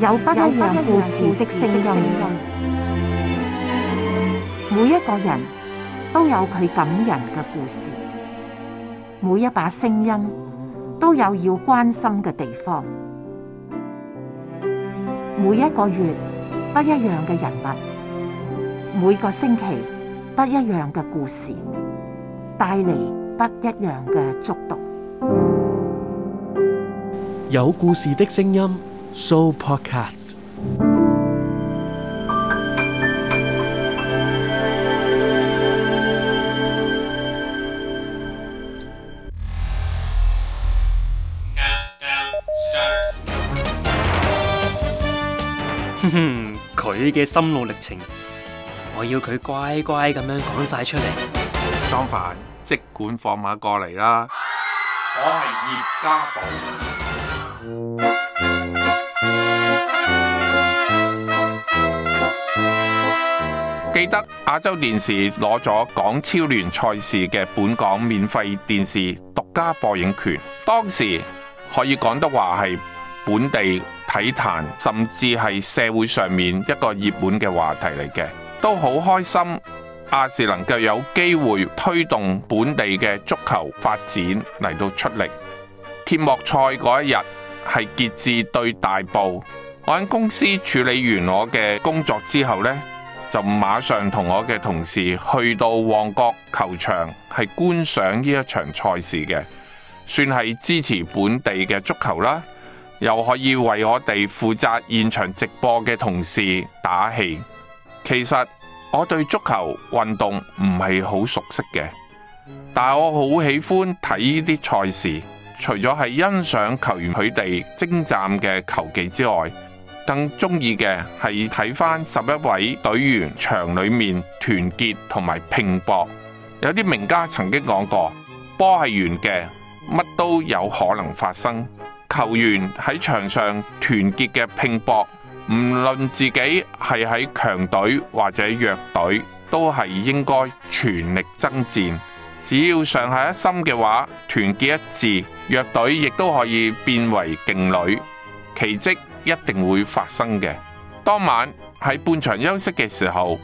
有不一樣故事的聲音，每一個人都有佢感人嘅故事，每一把聲音都有要關心嘅地方，每一個月不一樣嘅人物，每個星期不一樣嘅故事，帶嚟不一樣嘅觸動。有故事的聲音。So podcast。Now, now, start。哼哼，佢嘅心路歷程，我要佢乖乖咁樣講晒出嚟。莊凡，即管放馬過嚟啦！我係葉家寶。記得亞洲電視攞咗港超聯賽事嘅本港免費電視獨家播映權，當時可以講得話係本地體壇甚至係社會上面一個熱門嘅話題嚟嘅，都好開心。亞視能夠有機會推動本地嘅足球發展嚟到出力。揭幕賽嗰一日係傑志對大埔，我喺公司處理完我嘅工作之後呢，就馬上同我嘅同事去到旺角球場，係觀賞呢一場賽事嘅，算係支持本地嘅足球啦，又可以為我哋負責現場直播嘅同事打氣。其實我對足球運動唔係好熟悉嘅，但係我好喜歡睇呢啲賽事，除咗係欣賞球員佢哋精湛嘅球技之外，更中意嘅係睇翻十一位隊員場裏面團結同埋拼搏。有啲名家曾經講過，波係圓嘅，乜都有可能發生。球員喺場上團結嘅拼搏，唔論自己係喺強隊或者弱隊，都係應該全力爭戰。只要上下一心嘅話，團結一致，弱隊亦都可以變為勁旅，奇蹟一定會發生嘅。當晚喺半場休息嘅時候，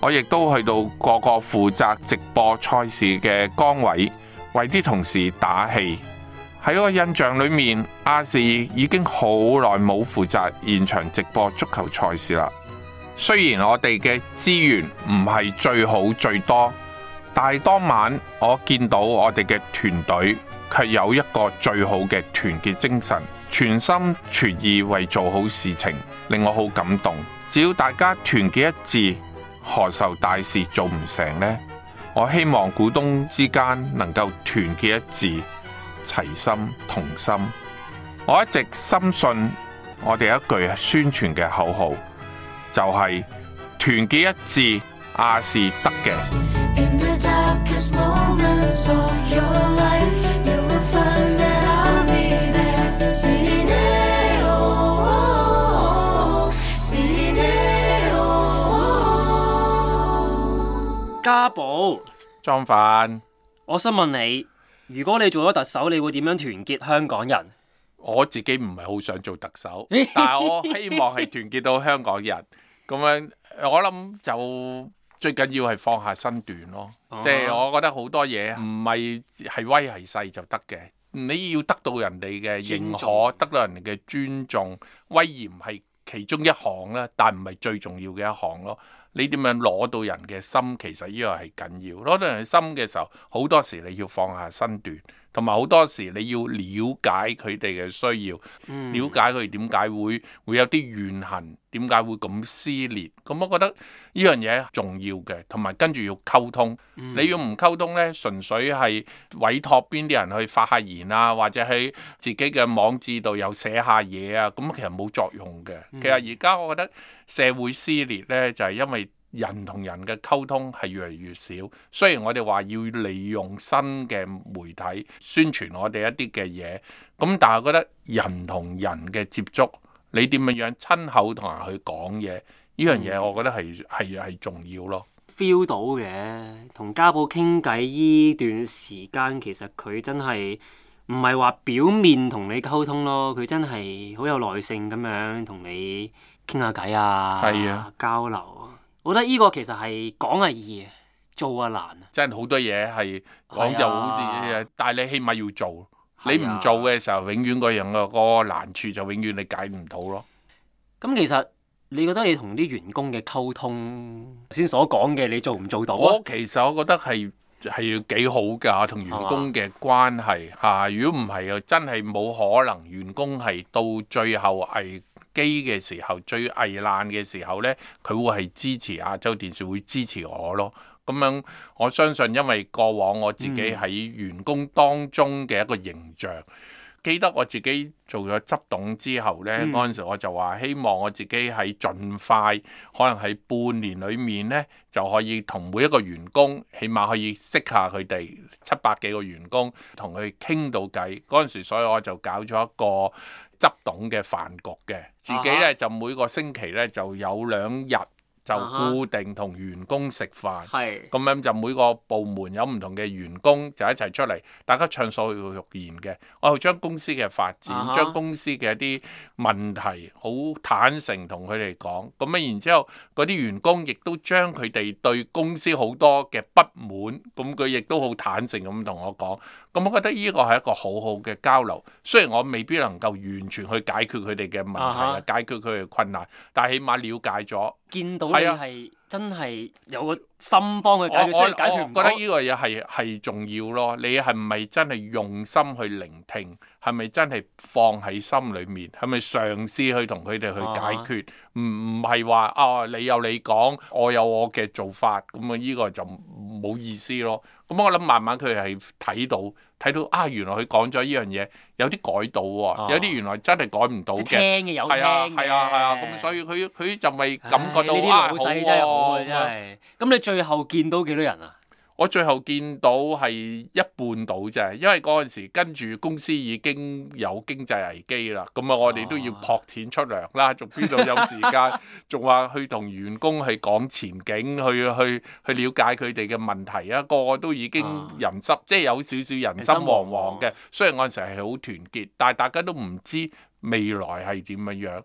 我亦都去到各個負責直播賽事嘅崗位，為啲同事打氣。喺我印象裏面，亞視已經好耐冇負責現場直播足球賽事啦。雖然我哋嘅資源唔係最好最多，但係當晚我見到我哋嘅團隊。卻有一個最好嘅團結精神，全心全意為做好事情，令我好感動。只要大家團結一致，何愁大事做唔成呢？我希望股東之間能夠團結一致，齊心同心。我一直深信我哋一句宣傳嘅口號，就係團結一致，亞視得嘅。阿寶，莊凡，我想問你，如果你做咗特首，你會點樣團結香港人？我自己唔係好想做特首， 但係我希望係團結到香港人。咁樣我諗就最緊要係放下身段咯，即係、啊、我覺得好多嘢唔係係威係勢就得嘅，你要得到人哋嘅認可，重得到人哋嘅尊重，威嚴係其中一項啦，但唔係最重要嘅一項咯。你點樣攞到人嘅心？其實呢個係緊要，攞到人嘅心嘅時候，好多時你要放下身段。同埋好多時你要了解佢哋嘅需要，嗯、了解佢點解會會有啲怨恨，點解會咁撕裂？咁我覺得呢樣嘢重要嘅，同埋跟住要溝通。嗯、你要唔溝通呢，純粹係委託邊啲人去發下言啊，或者喺自己嘅網誌度又寫下嘢啊，咁其實冇作用嘅。其實而家我覺得社會撕裂呢，就係、是、因為。人同人嘅溝通係越嚟越少，雖然我哋話要利用新嘅媒體宣傳我哋一啲嘅嘢，咁但係我覺得人同人嘅接觸，你點樣樣親口同人去講嘢，呢樣嘢我覺得係係係重要咯。feel 到嘅，同家寶傾偈依段時間，其實佢真係唔係話表面同你溝通咯，佢真係好有耐性咁樣同你傾下偈啊，係啊，交流。我覺得呢個其實係講啊易做啊難啊。真係好多嘢係講就好似，但係你起碼要做。啊、你唔做嘅時候，永遠嗰樣個個難處就永遠你解唔到咯。咁其實你覺得你同啲員工嘅溝通先所講嘅，你做唔做到？我其實我覺得係係要幾好㗎，同員工嘅關係嚇。吧如果唔係啊，真係冇可能員工係到最後係。機嘅時候最危難嘅時候呢，佢會係支持亞洲電視，會支持我咯。咁樣我相信，因為過往我自己喺員工當中嘅一個形象，嗯、記得我自己做咗執董之後呢，嗰陣、嗯、時我就話希望我自己喺盡快，可能喺半年裏面呢，就可以同每一個員工，起碼可以識下佢哋七百幾個員工，同佢傾到偈。嗰陣時所以我就搞咗一個。執董嘅飯局嘅，自己呢，就每個星期呢就有兩日就固定同員工食飯，咁、uh huh. 樣就每個部門有唔同嘅員工就一齊出嚟，大家暢所欲言嘅。我又將公司嘅發展、uh huh. 將公司嘅一啲問題好坦誠同佢哋講。咁啊，然之後嗰啲員工亦都將佢哋對公司好多嘅不滿，咁佢亦都好坦誠咁同我講。咁我覺得呢個係一個好好嘅交流，雖然我未必能夠完全去解決佢哋嘅問題，啊、哈解決佢哋困難，但係起碼了解咗，見到係真係有個心幫佢解決，啊、所以解決唔到。我覺得呢個嘢係係重要咯，你係唔係真係用心去聆聽，係咪真係放喺心裡面，係咪嘗試去同佢哋去解決？唔唔係話哦，你有你講，我有我嘅做法，咁啊呢個就。冇意思咯，咁、嗯、我諗慢慢佢係睇到，睇到啊，原來佢講咗呢樣嘢，有啲改到喎、哦，哦、有啲原來真係改唔到嘅，係啊係啊係啊，咁、啊啊啊、所以佢佢就咪感覺到呢啲老細、哎啊、好喎、啊啊。真係，咁你最後見到幾多人啊？我最後見到係一半到啫，因為嗰陣時跟住公司已經有經濟危機啦，咁啊我哋都要撲錢出糧啦，仲邊度有時間？仲話 去同員工去講前景，去去去了解佢哋嘅問題啊，個個都已經人心、啊、即係有少少人心惶惶嘅。惶惶，雖然嗰陣時係好團結，但係大家都唔知未來係點樣樣。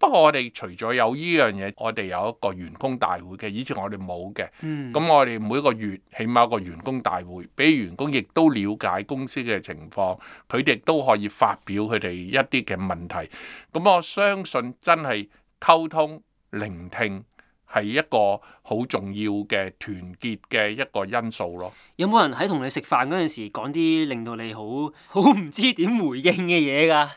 不過我哋除咗有呢樣嘢，我哋有一個員工大會嘅，以前我哋冇嘅。咁、嗯、我哋每個月起碼有一個員工大會，俾員工亦都了解公司嘅情況，佢哋都可以發表佢哋一啲嘅問題。咁我相信真係溝通聆聽係一個好重要嘅團結嘅一個因素咯。有冇人喺同你食飯嗰陣時講啲令到你好好唔知點回應嘅嘢㗎？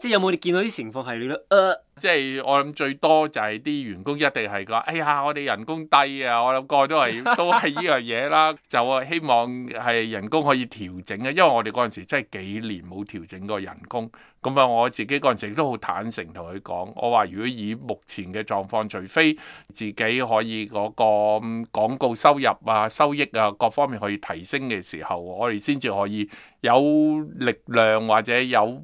即係有冇你見到啲情況係咧？誒，即係我諗最多就係啲員工一定係講：哎呀，我哋人工低啊！我諗個個都係都係呢樣嘢啦。就希望係人工可以調整啊，因為我哋嗰陣時真係幾年冇調整過人工。咁啊，我自己嗰陣時都好坦誠同佢講，我話如果以目前嘅狀況，除非自己可以嗰個廣告收入啊、收益啊各方面可以提升嘅時候，我哋先至可以有力量或者有。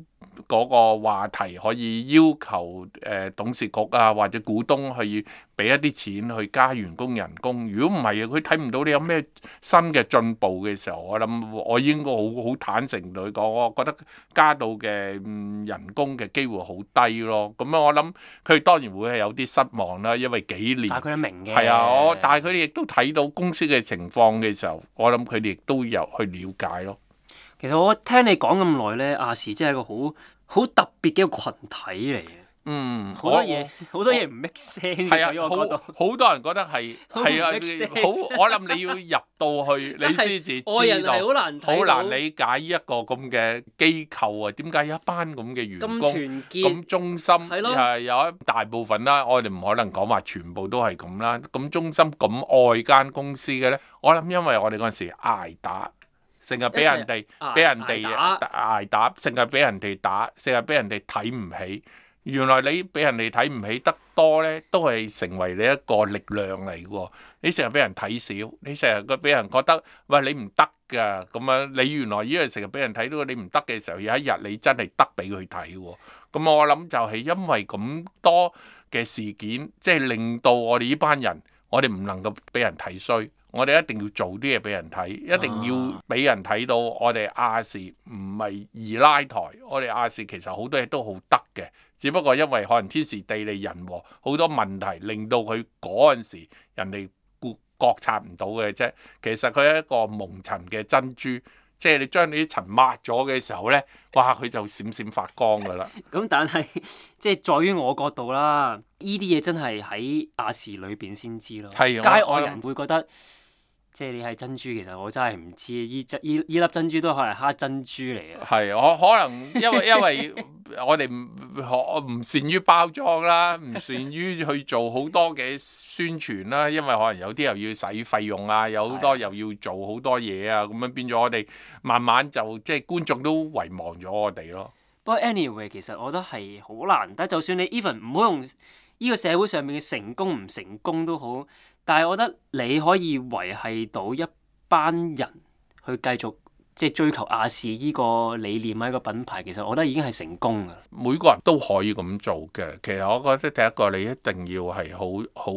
嗰個話題可以要求誒、呃、董事局啊或者股東去俾一啲錢去加員工人工，如果唔係佢睇唔到你有咩新嘅進步嘅時候，我諗我應該好好坦誠對佢講，我覺得加到嘅、嗯、人工嘅機會好低咯。咁啊，我諗佢當然會係有啲失望啦，因為幾年，但佢、啊、都明嘅，啊，我但係佢哋亦都睇到公司嘅情況嘅時候，我諗佢哋亦都有去了解咯。其實我聽你講咁耐呢，亞視真係一個好。好特別嘅一個群體嚟嘅，嗯，好多嘢，好多嘢唔 make sense 嘅喺我嗰，好多人覺得係，係啊，好，我諗你要入到去，你先至知道，好難理解依一個咁嘅機構啊，點解有一班咁嘅員工咁忠心，係有一大部分啦，我哋唔可能講話全部都係咁啦，咁忠心咁愛間公司嘅咧，我諗因為我哋嗰陣時挨打。成日俾人哋俾人哋挨打，成日俾人哋打，成日俾人哋睇唔起。原來你俾人哋睇唔起得多呢，都係成為你一個力量嚟嘅。你成日俾人睇少，你成日俾人覺得，喂，你唔得㗎咁樣。你原來依個成日俾人睇到你唔得嘅時候，有一日你真係得俾佢睇。咁我諗就係因為咁多嘅事件，即係令到我哋呢班人，我哋唔能夠俾人睇衰。我哋一定要做啲嘢俾人睇，一定要俾人睇到。我哋亞視唔係二拉台，我哋亞視其實好多嘢都好得嘅，只不過因為可能天時地利人和好多問題，令到佢嗰陣時人哋覺察唔到嘅啫。其實佢係一個蒙塵嘅珍珠，即係你將呢啲塵抹咗嘅時候呢，哇！佢就閃閃發光噶啦。咁但係即係在於我角度啦，呢啲嘢真係喺亞視裏邊先知咯。我我街外人會覺得。即係你係珍珠，其實我真係唔知呢真粒珍珠都可能黑珍珠嚟啊！係我可能因為因為我哋唔善於包裝啦，唔善於去做好多嘅宣傳啦。因為可能有啲又要使費用啊，有好多又要做好多嘢啊，咁樣變咗我哋慢慢就即係觀眾都遺忘咗我哋咯。不過 anyway，其實我覺得係好難得。但就算你 even 唔好用呢個社會上面嘅成功唔成功都好。但係，我覺得你可以維係到一班人去繼續即係追求亞視依個理念啊，呢個品牌其實我覺得已經係成功㗎。每個人都可以咁做嘅，其實我覺得第一個你一定要係好好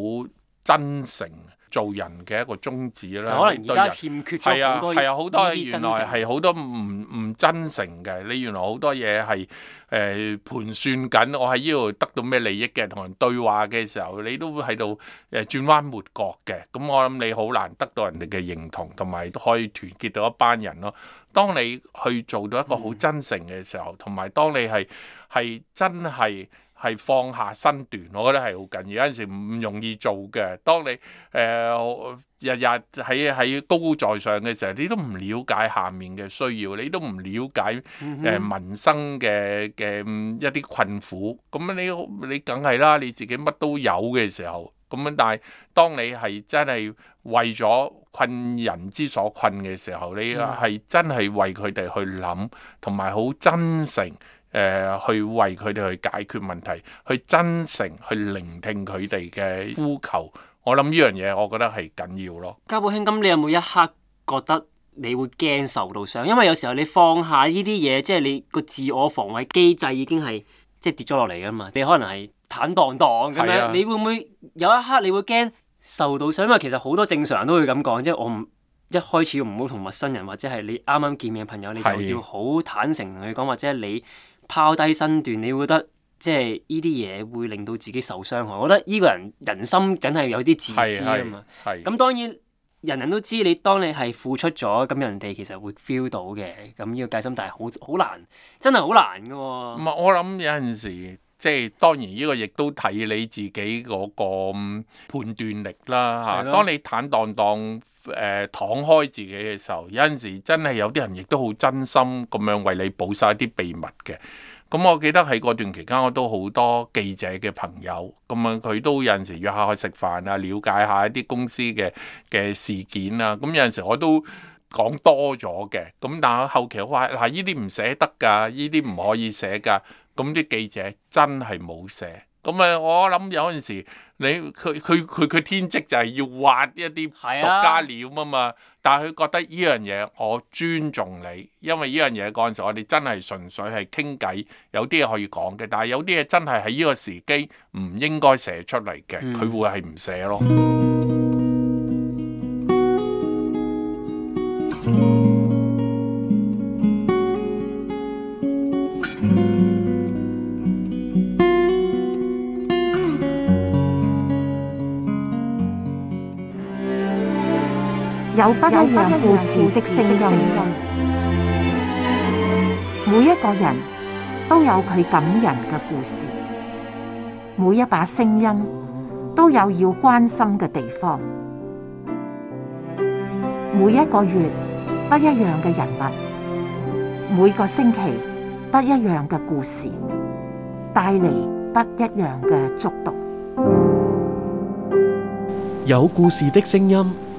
真誠。做人嘅一個宗旨啦，可能對人欠缺咗係啊係啊，好多原來係好多唔唔真誠嘅。你原來好多嘢係誒盤算緊，我喺呢度得到咩利益嘅。同人對話嘅時候，你都會喺度誒轉彎抹角嘅。咁我諗你好難得到人哋嘅認同，同埋都可以團結到一班人咯。當你去做到一個好真誠嘅時候，同埋、嗯、當你係係真係，係放下身段，我覺得係好緊要。有陣時唔容易做嘅。當你誒、呃、日日喺喺高高在上嘅時候，你都唔了解下面嘅需要，你都唔了解誒、嗯哼呃、民生嘅嘅一啲困苦。咁你你梗係啦，你自己乜都有嘅時候。咁樣，但係當你係真係為咗困人之所困嘅時候，你係真係為佢哋去諗，同埋好真誠。誒、呃、去為佢哋去解決問題，去真誠，去聆聽佢哋嘅呼求。我諗呢樣嘢，我覺得係緊要咯。家寶兄，咁你有冇一刻覺得你會驚受到傷？因為有時候你放下呢啲嘢，即係你個自我防衞機制已經係即係跌咗落嚟噶嘛。你可能係坦蕩蕩咁樣，是啊、你會唔會有一刻你會驚受到傷？因為其實好多正常人都會咁講，即係我唔一開始唔好同陌生人或者係你啱啱見面嘅朋友，你就要好坦誠同佢講，或者你。拋低身段，你會覺得即係呢啲嘢會令到自己受傷害？我覺得呢個人人心梗係有啲自私啊嘛。咁、嗯，當然人人都知你當你係付出咗，咁人哋其實會 feel 到嘅。咁、嗯、要、這個、戒心，但係好好難，真係好難噶、哦。唔係我諗有陣時，即係當然呢個亦都睇你自己嗰個判斷力啦。吓的，當你坦蕩蕩。誒、嗯、躺開自己嘅時候，有陣時真係有啲人亦都好真心咁樣為你補晒啲秘密嘅。咁、嗯、我記得喺嗰段期間，我都好多記者嘅朋友，咁啊佢都有陣時約下去食飯啊，了解一下一啲公司嘅嘅事件啊。咁、嗯、有陣時我都講多咗嘅。咁、嗯、但係後期我話嗱，呢啲唔寫得㗎，呢啲唔可以寫㗎。咁、嗯、啲記者真係冇寫。咁、嗯、啊，我諗有陣時。你佢佢佢佢天職就係要挖一啲獨家料是啊嘛，但係佢覺得呢樣嘢我尊重你，因為呢樣嘢嗰時我哋真係純粹係傾偈，有啲嘢可以講嘅，但係有啲嘢真係喺呢個時機唔應該寫出嚟嘅，佢會係唔寫咯。有不一樣故事的聲音，每一個人都有佢感人嘅故事，每一把聲音都有要關心嘅地方，每一個月不一樣嘅人物，每個星期不一樣嘅故事，帶嚟不一樣嘅觸動。有故事的聲音。